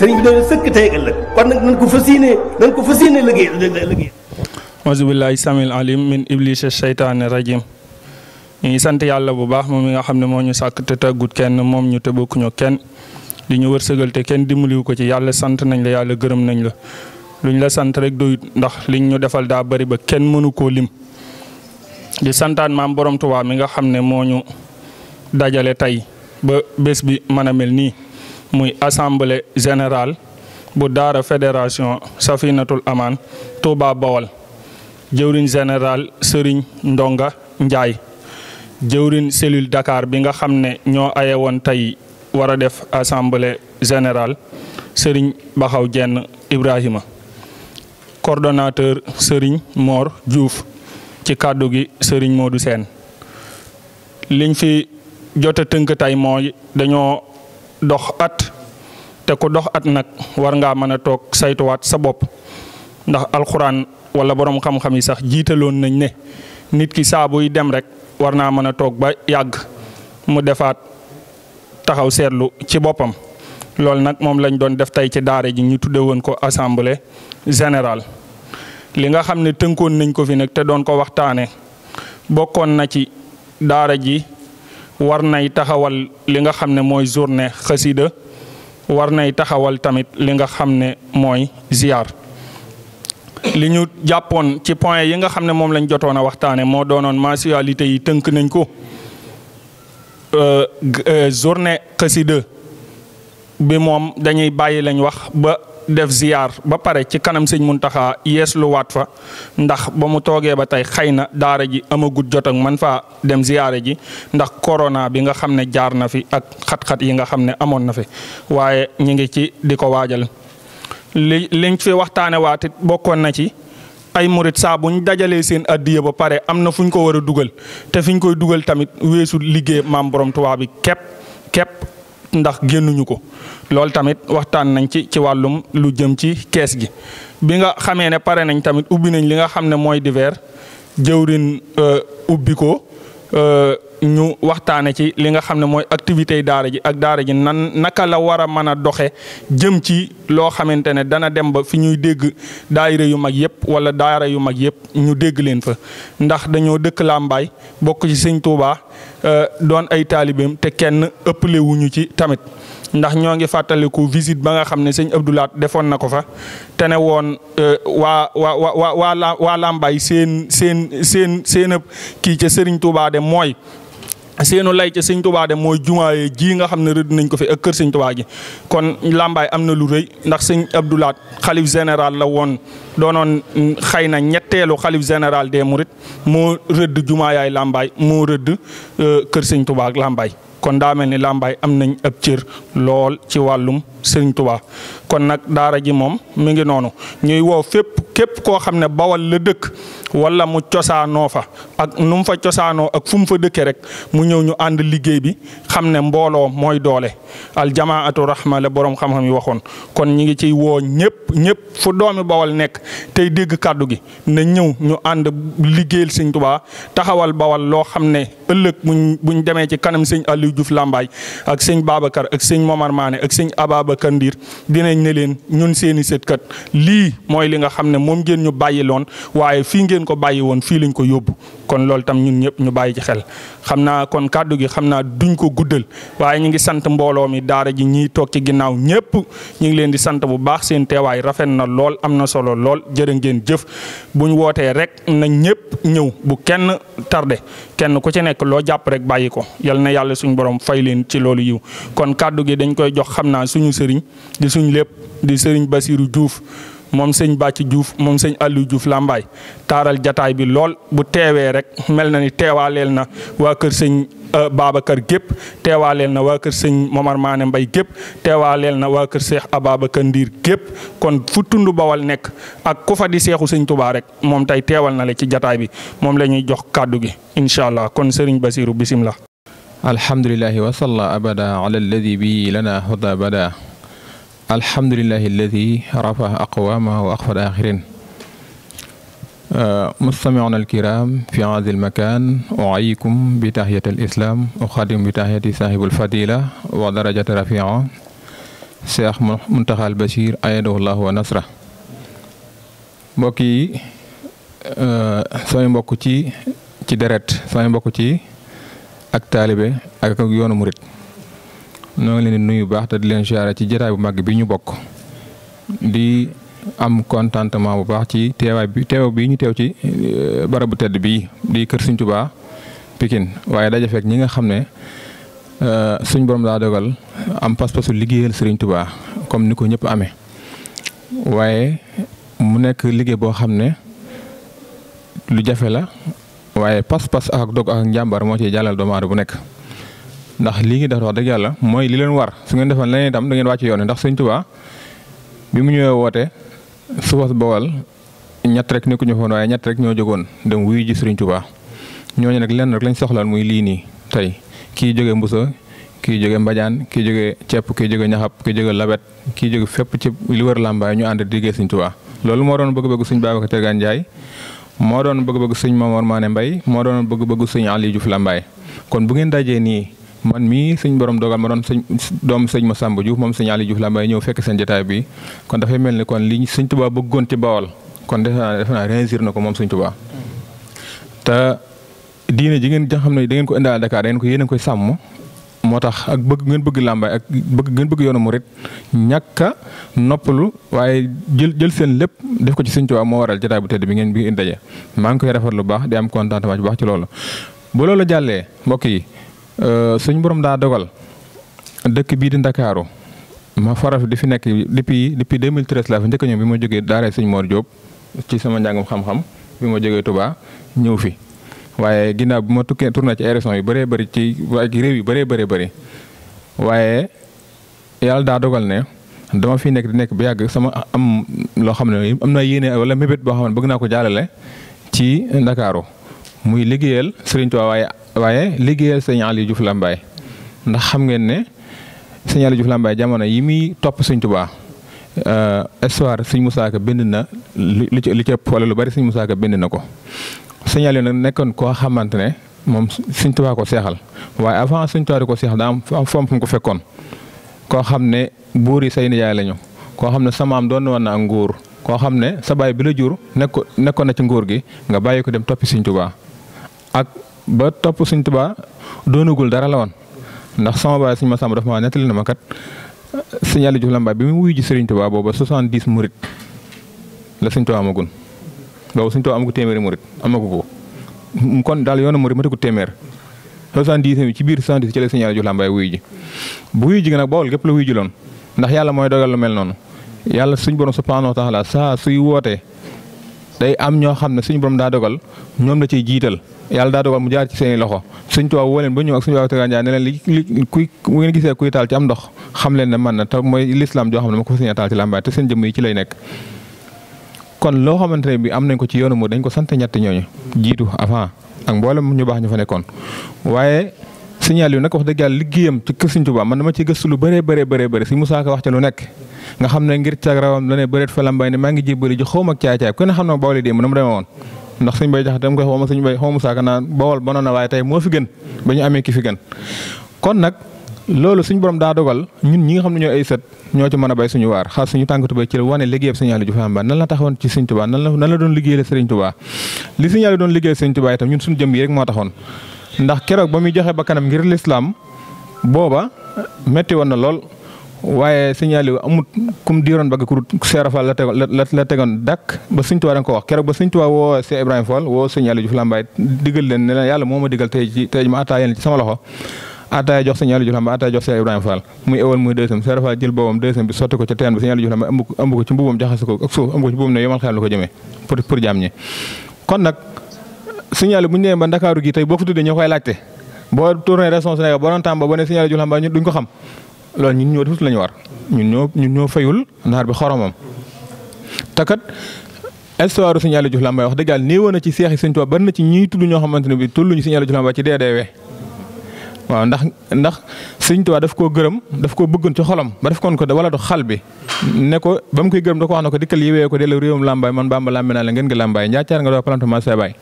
sëriñ bi dana sëkk tey ëllëg kon nag nañ ko fas yéene nañ iblis shaytaani rajim ñu ngi sant yàlla bu baax moom mi nga xam ne moo ñu sàkk te tàggut kenn moom ñu te kenn di ñu wërsëgal te kenn dimbaliwu ko ci yàlla sant nañ la yàlla gërëm nañ la lu luñ la sant rek doyut ndax liñ ñu defal daa bari ba kenn mënu koo lim di santaan maam borom Tuubaa mi nga xam ne moo ñu dajale tey ba bés bi mën nii. muy assemblée générale bu daara fédération Safinatul Aman Touba Bawal jëwriñ général sëriñ Ndonga njaay jëwriñ cellule Dakar bi nga xam ne ñoo aye woon tey wara a def assemblée générale Serigne Baxaw Jenn Ibrahima coordonnateur sëriñ Mor Diouf ci kàddu gi Serigne Modou Sène liñ fi jot a tënk mooy dañoo dox at te ku dox at nag war ngaa mën a toog saytuwaat sa bopp ndax alxuraan wala boroom xam-xam yi sax jiitaloon nañ ne nit ki saa yi dem rek war naa mën a toog ba yàgg mu defaat taxaw seetlu ci boppam. loolu nag moom lañ doon def tey ci daara ji ñu tudde woon ko assemblée général li nga xam ne tënkoon nañ ko fi nag te doon ko waxtaanee bokkoon na ci daara ji. war nay taxawal li nga xam ne mooy journée xasida war nay taxawal tamit li nga xam ne mooy ziar. li ñu jàppoon ci point yi nga xam ne moom lañ jotoon a waxtaane moo doonoon mensualité yi tënk nañ ko euh, euh, journée xasida bi moom dañuy bàyyi lañ wax ba def ziyaar ba pare ci kanam sëñ Muntaxa yees lu waat fa ndax ba mu toogee ba tey xëy na daara ji amagut jot ak man faa dem ziyaare ji ndax corona bi nga xam ne jaar na fi ak xat-xat yi nga xam ne amoon na fi waaye ñu ngi ci di ko waajal li liñ fi waxtaane waatit bokkoon na ci ay murit saa bu ñu dajalee seen addiya ba pare am na fu ñu ko war a dugal te fi ñu koy dugal tamit weesu liggéey maam borom Tuubaa bi képp ndax génnuñu ko loolu tamit waxtaan nañ ci ci wàllum lu jëm ci kees gi bi nga xamee ne pare nañ tamit ubbi nañ li nga xam ne mooy divers jëwrin euh, ubbi ko euh, ñu waxtaane ci li nga xam ne mooy activités yi daara ji ak daara ji nan naka la war a mën a doxe jëm ci loo xamante ne dana dem ba fi ñuy dégg daayira yu mag yëpp wala daara yu mag yëpp ñu dégg leen fa ndax dañoo dëkk Lambaay bokk ci Sëñ Tuubaa Euh, don ay taalibeem te kenn ëppale wuñu ci tamit ndax ñoo ngi fàttaliku visite ba nga xam ne sëñ Abdou Lahat defoon na ko fa te ne woon euh, waa waa waa wa waa Lambaay seen seen seen seen kii ca Serigne Touba mooy. seenu lay ca sëñ tubaa de mooy jumaayee jii nga xam ne rëdd nañ ko fi ak kër sëñ tubaa kon làmbaay am na lu rëy ndax sëñ Abdou Lahat général la woon doonoon xëy na ñetteelu xalif général des Mourides mu rëdd jumaa yaay Lambaay mu rëdd euh, kër sëñ Touba ak Lambaay kon daa mel ni Lambaay am nañ ab cër lool ci wàllum sëñ tubaa kon nag daara ji moom mi ngi noonu ñuy woo fépp képp koo xam ne bawal la dëkk wala mu cosaanoo fa ak nu mu fa cosaanoo ak fu mu fa dëkkee rek mu ñëw ñu ànd liggéey bi xam ne mbooloo mooy doole aljamaatu rahma la borom xam-xam yi waxoon kon ñi ngi ciy woo ñëpp ñëpp fu doomi bawal nekk tey dégg kàddu gi na ñëw ñu ànd liggéeyal sëñ Tuubaa taxawal bawal loo xam ne ëllëg buñ buñ demee ci kanam sëñ Aliou Diouf Lambaay ak sëñ Babacar ak sëñ Momar Mané ak sëñ Ababacar Ndiir dinañ ne leen ñun seeni sëtkat lii mooy li nga xam ne moom ngeen ñu bàyyi loon waaye fii ngeen ko bàyyi woon fii lañ ko yóbbu kon loolu tam ñun ñëpp ñu bàyyi ci xel xam naa kon kàddu gi xam naa duñ ko guddal waaye ñu ngi sant mbooloo mi daara ji ñiy toog ci ginnaaw ñëpp ñu ngi leen di sant bu baax seen teewaay rafet na lool am na solo lool jërë ngeen jëf bu ñu wootee rek na ñëpp ñëw bu kenn tardé kenn ku ci nekk loo jàpp rek bàyyi ko yal na yàlla suñu borom fay leen ci loolu yiw kon kàddu gi dañ koy jox xam naa suñu sëriñ di suñu lépp di sëriñ Basirou Diouf. moom sëñ Bàcc Diouf moom sëñ Aliou Diouf Lambaay taaral jataay bi lool bu teewee rek mel na ni teewaaleel na waa kër sëñ euh, Babacar gépp teewaaleel na waa kër sëñ Momar Maane Mbay gépp teewaaleel na waa kër a Ababacar Ndiir gépp kon fu tund bawal nekk ak ku seexu sëñ Tubaa rek moom tey teewal na la ci jataay bi moom la ñuy jox kàddu gi incha allah kon sëriñ Basiru bisimila alhamdulilahi wasalla abada ala alladi bi lana huda bada alhamdulillahi alladi rafa aqwaama wa axfad axirin mustamiuna alkiram fi hadha almakan uayyikum bi tahiyat alislam uxadim bi tahiyati sahibul fadila wa darajat rafia cheikh muntaxa al bashir ayadahu wa nasra mbokk yi eh, samay mbokk ci ci deret samay mbokk ci ak taalibe ak ak yoonu murit noo ngi leen di baax te di leen siyaare ci jataay bu mag bi ñu bokk di am contentement bu baax ci teewaay bi teew bi ñu teew ci euh, barabu tedd bii di kër Sëriñ Tuubaa Pikine waaye daje fekk ñi nga xam ne euh, suñ borom daa dogal am pas-pasu liggéeyal Sëriñ Tuubaa comme ni ko ñëpp amee waaye mu nekk liggéey boo xam ne lu jafe la waaye pas-pas ak dog ak njàmbar moo ciy jàllal doomu bu nekk. ndax lii ngi def wax dëgg yàlla mooy li leen war su ngeen defal leneen itam da ngeen wàcc yoon ndax sëñ Tuubaa bi mu ñëwee woote suufas Bawol ñett rek nekkuñu foon waaye ñett rek ñoo jógoon dem wuyu ji sëriñ Tuubaa ñooñu nag lenn rek lañ soxlaan muy lii nii tey kii jóge Mbuso kii jóge Mbajaan kii jóge cep kii jóge ñaxab ki jóge labet kii jóge fépp ci li wër Làmbaay ñu ànd diggee sëñ loolu moo doon bëgg-bëgg sëñ Babacar Tegaan Njaay moo doon bëgg-bëgg sëñ Mamoor Maane Mbay moo doon bëgg-bëgg sëñ Aliou Diouf Làmbaay man mii suñ borom dogal ma doon sëñ doom sëñ Massamba Diouf moom sëñ Aliou Diouf laa ñëw fekk seen jataay bi kon dafay mel ni kon li sëñ Tuubaa bëggoon ci Bawol kon defe naa defe naa réussir na ko moom sëñ Tuubaa te diine ji ngeen nga xam ne da ngeen ko indaale Dakar da ko yéen koy sàmm moo tax ak bëgg ngeen bëgg ak bëgg ngeen bëgg yoonu murit ñàkk a noppalu waaye jël jël seen lépp def ko ci sëñ Tuubaa moo waral jotaay bu tedd bi ngeen bi ngeen daje maa ngi koy rafet lu baax di am contentement bu baax ci loolu bu loolu jàllee mbokk yi Euh, suñu borom daa dogal dëkk bii di Ndakaaru ma faral di fi nekk depuis depuis 2013 laa fi njëkk ñëw bi ma jógee daaree sëñ Mor Diop ci sama njàngum xam-xam bi ma jógee Touba ñëw fi waaye ginnaaw bi ma tukkee tourné ci élection yu bëree bëri ci ak réew yu bëree bëree bëri waaye yàlla daa dogal ne dama fi nekk di nekk ba yàgg sama am loo xam ne am na yéene wala mébét boo xam ne bëgg naa ko jàllale ci Ndakaaru muy liggéeyal Serigne Touba waaye liggéeyal sëñ Aliou Diouf Lambaye ndax xam ngeen ne sëñ Aliou Diouf Lambaye jamono yi muy topp sëñ Tuubaa euh, histoire sëñ Musaa Ka bind na lu ci lu bari sëñ Musaa Ka na ko sëñ Aliou nag nekkoon koo xamante ne moom sëñ Tuubaa ko seexal waaye avant sëñ Tuubaa ko seexal daa am fom fu ko fekkoon koo xam ne buur yi say nijaay lañu koo xam ne sama am doon woon na ak nguur koo xam ne sa baay bi la jur nekk nekkoon na ci nguur gi nga bàyyi ko dem toppi sëñ Tuubaa ba topp suñ tubaa doonagul dara la woon ndax sama baay suñ ma sàmm dafa ma nettali na ma kat suñu Aliou bi mu wuyu ji Serigne Touba booba 70 murit la suñ tubaa amagun boobu suñ tubaa amagu téeméeri murit amagu ko kon daal yoonu murit matagu téeméer 70 bi ci biir 70 ci la suñu Aliou Diouf Lambaye wuyu ji bu wuyu ji nag bool gépp la wuyu loon ndax yàlla mooy dogal lu mel noonu yàlla suñ borom subhanahu wa taala saa suy wootee day am ñoo xam ne suñ borom daa dogal ñoom la ciy jiital yàlla daa dogal mu jaar ci seen loxo suñ tubaab woo leen ba ñëw ak suñu tubaab tegaan ne leen li li kuy taal ci am ndox xam leen ne man na te mooy lislaam joo xam ne ma ko fa a taal ci làmbaay te seen jëmm yi ci lay nekk. kon loo xamante ne bi am nañ ko ci yoonu mu dañ ko sante ñetti ñooñu jiitu avant ak mboolem ñu baax ñu fa nekkoon waaye signal yu nag wax dëgg yàlla liggéeyam ci kër Sëriñ Tuubaa man dama ci gëstu lu bëree bëree bëree bëri si wax ca lu nekk nga xam ne ngir maa ngi jébbali ji xawma ak caay-caay ku ne xam bawol dé mu na mu demee woon ndax suñ bay jaxate dama koy xawma suñ bay xawma Moussa Ka naan bawol bonoon na waaye tey moo fi gën ba ñu amee ki fi gën kon nag loolu suñ borom daa dogal ñun ñi nga xam ne ñoo ay sët ñoo ci mën a bay suñu waar xaal suñu tànkatu bay ci la wane liggéeyam Sëriñ Aliou Diouf Amba nan la taxawoon ci Sëriñ Tuubaa nan la doon liggéeyal Sëriñ Tuubaa li Sëriñ Aliou doon liggéeyal Sëriñ Tuubaa itam ñun suñu jëm yi rek ndax keroog ba muy joxe bakkanam ngir lislaam booba metti woon na lool waaye signalé amut kum diiroon bagg ku seerafal la tegoon la tegoon dàkk ba Sëñ Tuubaa da nga ko wax keroog ba Sëñ Tuubaa woo Cheikh Ibrahima Fall woo signalé Juuf Lambaay digal leen ne leen yàlla moo a digal tey ci tey ma ataaye leen ci sama loxo ataaya jox signalé Juuf Lambaay ataaya jox Cheikh Ibrahima Fall muy ewal muy deuxième seerafal jël boobam deuxième bi sotti ko ca teen bi signalé Juuf Lambaay ëmb ko ci mbubam jaxase ko ak suuf ëmb ko ci mbubam ne yomal xel lu ko jëmee pour jaam ñi signalé bu ñu demee ba ndakaaru gi tey boo ko tuddee ñoo koy laajte boo tourné région Sénégal boo doon tàmba ba ne signalé Jules ñun ko xam loolu ñun ñoo defut ñu war ñun ñoo ñoo fayul naar bi xoromam. te kat histoire signalé Jules Xambaay wax dëgg yàlla néewoon na ci seex yi Sëñ Tuubaa bari na ci ñiy tudd ñoo xamante ne bi tulluñu ñu Jules Xambaay ci deedeewee waaw ndax ndax sëñ Tuubaa daf koo gërëm daf koo bëggoon ci xolam ba def koon ko wala du xal bi ne ko ba mu na ko dikkal yiwee ko dellu réewum làmbaay man bamba làmbe naa la ngeen ngi làmbaay njaacaar nga doo palante maa sa baay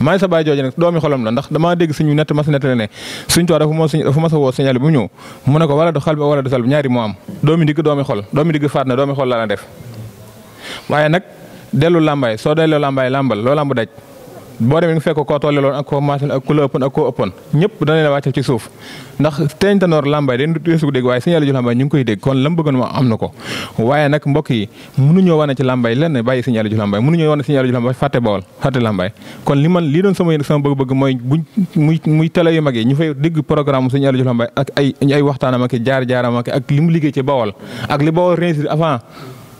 maa sa baay jooju nag doomi xolam la ndax damaa dégg suñu nett mas nett ne sëñ Tuubaa dafa moo sëñ dafa a woo mu ñëw mu ne ko wala xal bi wala du sal bi ñaari moo am doomi digg doomi xol doomi digg faat na doomi xol la la def waaye nag dellu làmbaay soo delloo làmbaay làmbal loo làmb daj boo demee nga fekk koo tolleeloon ak koo maatoon ak ku la ak koo ëppoon ñëpp dana leen wàccal ci suuf ndax teeñ tanoor làmbaay den deesu ko dégg koy dégg kon lam bëggoon am na ko waaye nag mbokk yi mënuñoo wane ci làmbaay lenn bàyyi sëñ Yàlla Juuf làmbaay mënuñoo wane sëñ Yàlla Juuf làmbaay fàtte bawol fàtte làmbaay kon li man lii doon sama sama bëgg-bëgg mooy buñ muy muy télé yu mag yi ñu fay dégg programme sëñ Yàlla Juuf làmbaay ak ay ay waxtaanam ak jaar jaaram ak li mu liggéey ci bawol ak li bawol réussir avant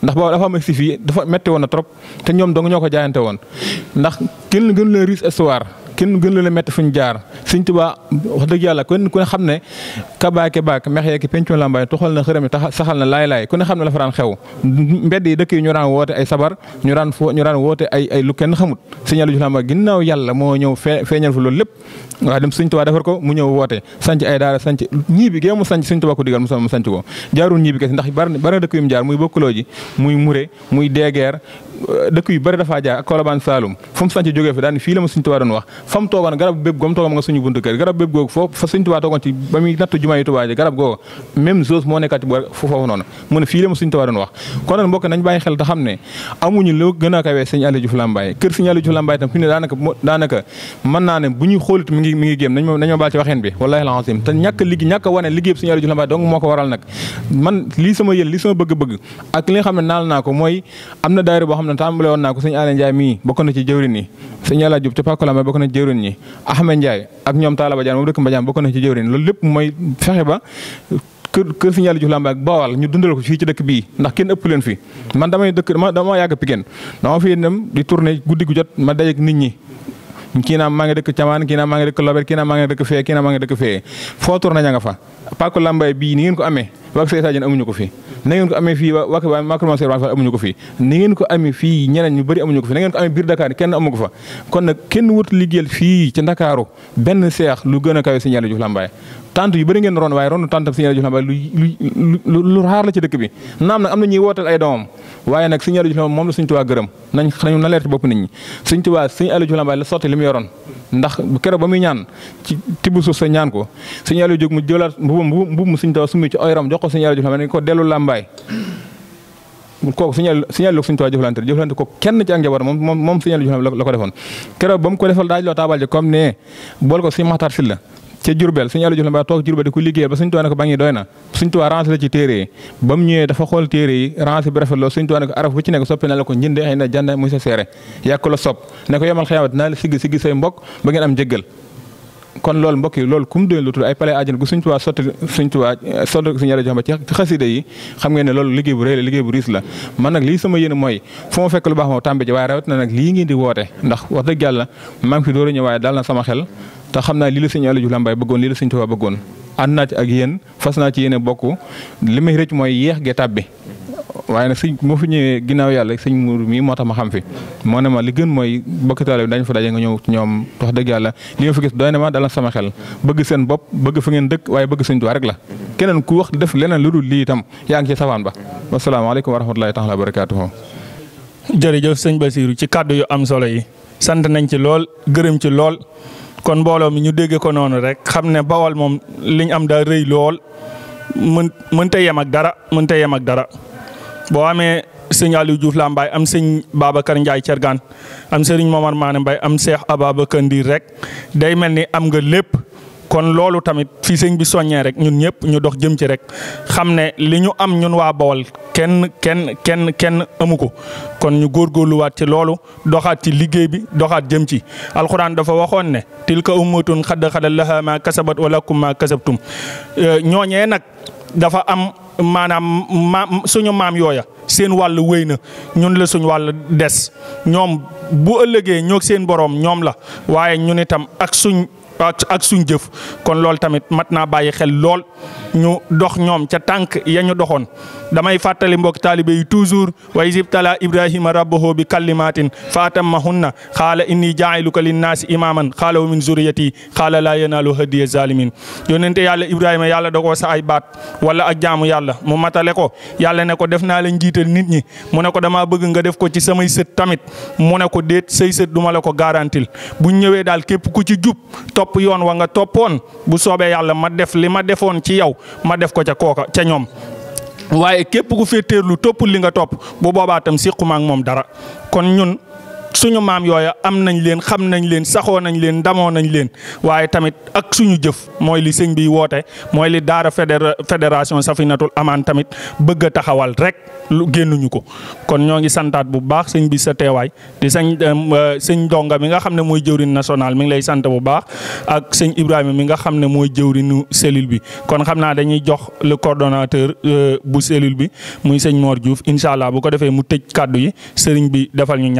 ndax booba dafa am si fii dafa metti woon na trop te ñoom dong ñoo ko jaayante woon ndax gën gën leen riche histoire kenn gën la métti fuñ jaar Sëñ Tuubaa wax dëgg yàlla kon ku ne xam ne kabaake baak mex yeeki pencu lambaay toxal na xërëm tax saxal na laay-laay ku xam ne la fa daan xew mbedd yi dëkk yi ñu daan woote ay sabar ñu daan fo ñu daan woote ay ay lu kenn xamut Sëñ Aliou Diouf Lambaye ginnaaw yàlla moo ñëw feeñal fu loolu lépp waaw dem Sëñ Tuubaa defar ko mu ñëw woote sanc ay daara sanc ñii bi gée mu sanc Sëñ Tuubaa ko digal mu sanc ko jaarul ñii bi kese ndax bari na dëkk yu mu jaar muy bokkuloo ji muy mure muy deegeer dëkk yu bëri dafaa jaar ak Colobane Saloum fu mu sanc jógee fa daan fii la ma Sëriñ Tuubaa doon wax fa mu toogoon garab bépp gom toogoon nga suñu buntu kër garab bépp googu foofu fa Sëriñ Tuubaa toogoon ci ba muy nattu jumaa yi Tuubaa ji garab googu même chose moo nekkati fu foofu noonu mu ne fii la ma Sëriñ Tuubaa doon wax kon nag mbokk nañ bàyyi xel te xam ne amuñu lu gën a kawee Sëriñ Aliou Diouf Lambaye kër Sëriñ Aliou Diouf Lambaye tam fi ne daanaka daanaka mën naa ne bu ñuy xoolit mi ngi mi ngi géem nañ ma baal ci waxeen bi wallaahi alazim te ñàkk liggéey ñàkk wane liggéey Sëriñ Aliou Diouf Lambaye donc moo ko waral nag man lii sama yël lii sama bëgg-bëgg ak li nga xam ne naal naa ko mooy am na daayira boo xam ne ne tàmbale woon naa ko sëñ Aane Ndiaye mii bokk ci jëwrin yi sëñ Yàlla Diop ca Pakola ma ci jëwrin yi Ahmed Ndiaye ak ñoom Talla Badiane moom dëkk Mbadiane bokk ci jëwrin loolu lépp mooy fexe ba kër kër sëñ Yàlla Diouf ñu dundal ko fii ci dëkk bii ndax kenn ëpp leen fi man damay dëkk dama yàgg Pikine dama fi dem di tourner guddi gu jot ma dajeek nit ñi kii naa maa ngi dëkk camaan kii naa maa ngi dëkk lobet kii naa maa ngi fee kii naa maa ngi dëkk fee foo tourné ña nga fa pàkku làmbaay bii ni ngeen ko amee waak say ko fi na ngeen amee fii waak amuñu ko fi ni ngeen ko amee fii ñeneen ñu bëri amuñu ko fi na ngeen ko amee biir Dakar kenn amu fa kon nag kenn wut liggéeyal fii ci Ndakaaru benn seex lu gën a kawe Serigne Aliou Diouf Lambaye tant yu bëri ngeen ron waaye ronu tant Serigne Aliou Diouf Lambaye lu lu lu raar la ci dëkk bi naam nag am na ñuy wootal ay doomam waaye nag sëñ Aliou moom la sëñ Tuubaa gërëm nañ na leer ci bopp nit ñi sëñ Tuubaa sëñ Aliou Diouf Lambaye la li mu yoroon ndax keroog ba muy ñaan ci tibb suuf sa ñaan ko sëñ Aliou Diouf mu jëlaat mbubum mbubum sëñ Tuubaa summi ci oyram jox ko sëñ Aliou Diouf ko dellu Lambaye kooku signal signal ko suñu kenn ci moom moom moom ko defoon keroog ba mu ko defal daaj loo taabal ji comme ne bool ko si maxtaar si la ca Jurbel suñu àll juf la mbaa toog Jurbel di ko liggéeyal ba suñ tuwaa ne ba ngi doy na suñ tuwaa range la ci téere yi ba mu ñëwee dafa xool téere yi range bi rafet lool suñ tuwaa ne ko araf bu ci nekk soppi mbokk ba ngeen am jëggal kon loolu mbokk yi loolu kum doon lu tudd ay palais àjjana gu suñ tubaa sotti suñ tubaa eh, sotti ma ci xam nga ne loolu liggéey bu rëy la liggéey bu riis la man nag lii sama yéene mooy fu ma fekk lu baax ma tàmbe waaye rawat na nag lii ngeen di woote ndax wax dëgg yàlla maa ngi fi daal na sama xel te xam naa li la sëñ Aliou Lambaye bëggoon li la sëñ Tuubaa bëggoon ànd naa ci ak yéen fas naa ci yéen bokk li may rëcc mooy yéex ge tàbbi waaye nag sëñ moo fi ginnaaw yàlla sëñ muur mii moo tax ma xam fi moo ne ma li gën mooy bokki taalibe dañ fa daje nga ñëw ci ñoom wax dëgg yàlla li nga fi gis doy na ma dal sama xel bëgg seen bopp bëgg fa ngeen dëkk waaye bëgg sëñ Tuubaa rek la keneen ku wax def leneen lu dul lii tam yaa ngi ci safaan ba wasalaamaaleykum wa rahmatulahi taala wa barakaatuhu jërëjëf sëñ Basiru ci kàddu yu am solo yi sant nañ lool gërëm ci lool kon mbooloo mi ñu dégg ko noonu rek xam ne bawal moom liñ am da rëy lool mën mënta yem ak dara mënta yem ak dara boo amee sëñ Aliou Diouf mbay am sëñ Babacar Ndiaye Thiergane am sëriñ Momar Mané mbay am a Ababacar Ndir rek day mel ni am nga lépp. kon loolu tamit fii sëñ bi soññee rek ñun ñëpp ñu dox jëm ci rek xam ne li ñu am ñun waa Bawol kenn kenn kenn kenn amu ko kon ñu góorgóorluwaat ci loolu doxaat ci liggéey bi doxaat jëm ci alxuraan dafa waxoon ne tilka ummatun xadda xadda laha ma kasabat wa lakum ma kasabtum euh, ñooñee nag dafa am maanaam maam suñu maam yooya seen wàll wéy na ñun la suñ wàll des ñoom bu ëllëgee ñoo seen boroom ñoom la waaye ñun itam ak suñ ak ak suñ jëf kon loolu tamit mat naa bàyyi xel lool ñu dox ñoom ca tànk ya ñu doxoon damay fàttali mbokk taalibe yi toujours wa isibtala ibrahima rabbahu bi kalimatin fa atammahunna xaala inni jaa'iluka linnaasi imaman xaala wa min zuriyati xaala laa yanaalu hadiya zalimin yonente yàlla ibrahima yàlla da koo sa ay baat wala ak jaamu yàlla mu matale ko yàlla ne ko def naa la njiital nit ñi mu ne ko damaa bëgg nga def ko ci samay sët tamit mu ne ko déet say sët duma la ko garantil topp yoon wa nga toppoon bu soobee yàlla ma def li ma defoon ci yow ma def ko ca kooka ca ñoom waaye képp ku lu topp li nga topp bu boobaa tam siquma moom dara kon ñun suñu maam yooya am nañ leen xam nañ leen saxoo nañ leen ndamoo nañ leen waaye tamit ak suñu jëf mooy li sëñ bi woote mooy li daara fédération safinatul amaan tamit bëgg a taxawal rek lu génnuñu ko kon ñoo ngi santaat bu baax sëñ bi sa teewaay di sëñ euh, sëñ donga mi nga xam ne mooy jëwrin national mi ngi lay sant bu baax ak sëñ Ibrahima mi nga xam ne mooy jëwrinu cellule bi kon xam naa dañuy jox le coordonnateur euh, bu cellule bi muy sëñ moor Diouf incha allah bu ko defee mu tëj kàddu yi sëriñ bi defal ñu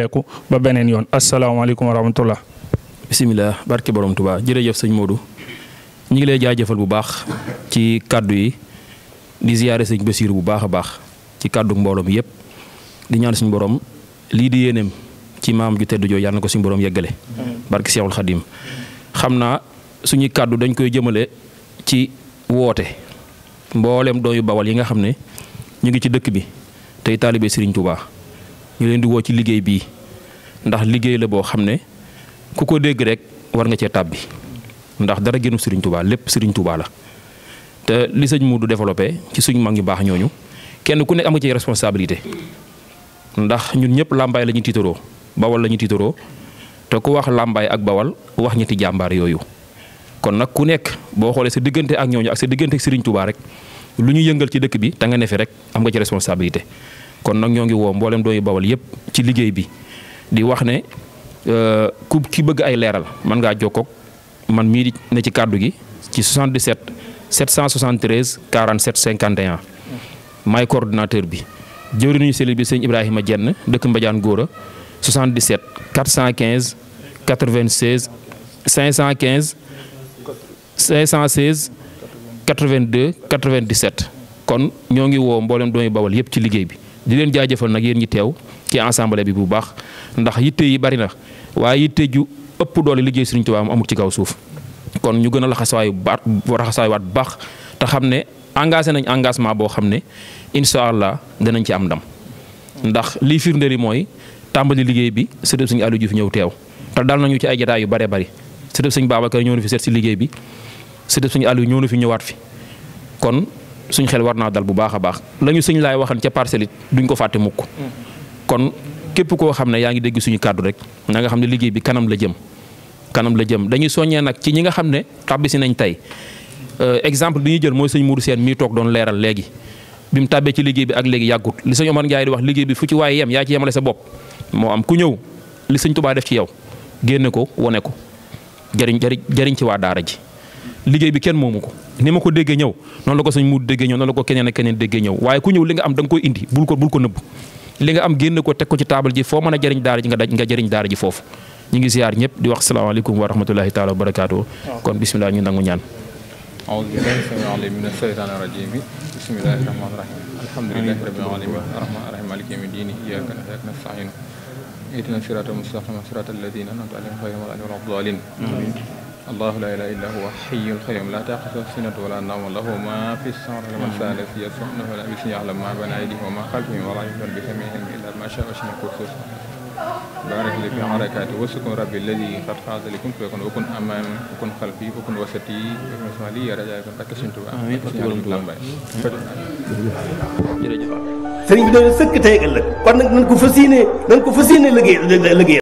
weeku ba beneen yoon asalaamaaleykum wa rahmatullah bisimilah barke borom Touba jërëjëf sëñ Modou ñu ngi lay jaajëfal bu baax ci kàddu yi di ziyaare sëñ Basiir bu baax a baax ci kàddu mbooloom yépp di ñaan suñ boroom lii di yéeneem ci maam ju teddu jooju yàlla na ko suñu boroom yeggale. barke Seexul Xadim xam naa suñuy kàddu dañ koy jëmale ci woote mbooleem dooyu bawal yi nga xam ne ñu ngi ci dëkk bi tey taalibe Serigne Touba. ñu leen di woo ci liggéey bii ndax liggéey la boo xam ne ku ko dégg rek war nga cee tàbbi ndax dara gënu Serigne Touba lépp Serigne Touba la te li sëñ mu du développé ci suñ mag ñu baax ñooñu kenn ku nekk am nga ci ndax ñun ñëpp làmbaay la ñu tiitaroo bawal la tiitaroo te ku wax làmbaay ak bawal wax ñetti jàmbaar yooyu kon nag ku nekk boo xoolee sa diggante ak ñooñu ak sa diggante ak Serigne Touba rek lu ñu yëngal ci dëkk bi te nga ne fi rek am nga ci responsabilité kon nag ñoo ngi woo mboolem dooyu bawal yëpp ci liggéey bi di wax ne euh, ku ki bëgg ay leeral mën ngaa jokkoog man mii ne ci kàddu gi ci 77 773 47 51 maay coordinateur bi jëwriñu cellule bi sëñ Ibrahima Jenn dëkk Mbadiane Góora 77 415 96 515 516 82 97 kon ñoo ngi woo mboolem doomi bawal yëpp ci liggéey bi di leen jaajëfal nag yéen ñi teew ci ensemble bi bu baax ndax yitte yi bari na waaye yitte ju ëpp doole liggéey Sëriñ Tuubaa mu amul ci kaw suuf kon ñu gën a laxasaayu baat raxasaayu waat bu baax te xam ne engagé nañ engagement boo xam ne incha allah danañ ci am ndam ndax lii firndeel yi mooy tàmbali liggéey bi sëriñ Sëriñ Aliou fi ñëw teew te daal nañu ci ay jotaay yu bare bari sëriñ Sëriñ Babacar ñëw na fi seet si liggéey bi sëriñ Sëriñ Aliou ñëw na fi ñëwaat fi suñ xel war naa dal bu baax a baax la ñu sëñ laay waxan ca parcelle it duñ ko fàtte mukk kon képp koo xam ne yaa ngi dégg suñu kàddu rek na nga xam ne liggéey bi kanam la jëm kanam la jëm dañuy soññee nag ci ñi nga xam ne tàbbisi nañ tey euh, exemple bi ñu jël mooy sëñ Mourou seen mii toog doon leeral léegi bi mu tàbbee ci liggéey bi ak léegi yàggut li sëñ Omar Ndiaye di wax liggéey bi fu ci waaye yem yaa ci yemale sa bopp moo am ku ñëw li sëñ Tuubaa def ci yow génne ko wane ko jëriñ jëriñ jëriñ ci waa daara ji liggéey bi kenn moomu ko ni ma ko déggee ñëw noonu la ko sëñ mu déggee ñëw noonu la ko keneen ak keneen déggee ñëw waaye ku ñëw li nga am da nga koy indi bul ko bul ko nëbb li nga am génn ko teg ko ci taabal ji foo mën a jëriñ daara ji nga daj nga jëriñ daara ji foofu ñu ngi ziar ñëpp di wax salaamaaleykum wa rahmatulahi taala wa barakaatu kon bisimilah ñu nangu ñaan aousubillahi sami alim min asheytaan irajim yi bisimilahi siraatal mustaqiim siraatal ladiina an'amta alayhim ghayril maghduubi alayhim wa lad-daalliin allahu laa ilaaha illaa huwa hayyul qayyuum laa taaxuzuhu sinatun wa laa nawm lahu maa fi samaawaati wa maa fi al-ard yasbahnahu wala bisin ya'lamu maa bayna aydiihim wa maa xalfihim wa laa yuhiituuna bihi min ilmihi illaa bimaa shaa'a wa sa'ahu kursiyyuhu baarik li fi harakaatihi wa sukun rabbi alladi qad xaada li kun fayakun wa kun amaami wa kun xalfi wa kun wasati wa kun sumali ya rajaay kon takk Sëriñ Tuubaa jërëjëf sëriñ bi dana sëkk tey ëllëg kon nag nañ ko fas yéene nañ ko fas yéene liggéey liggéey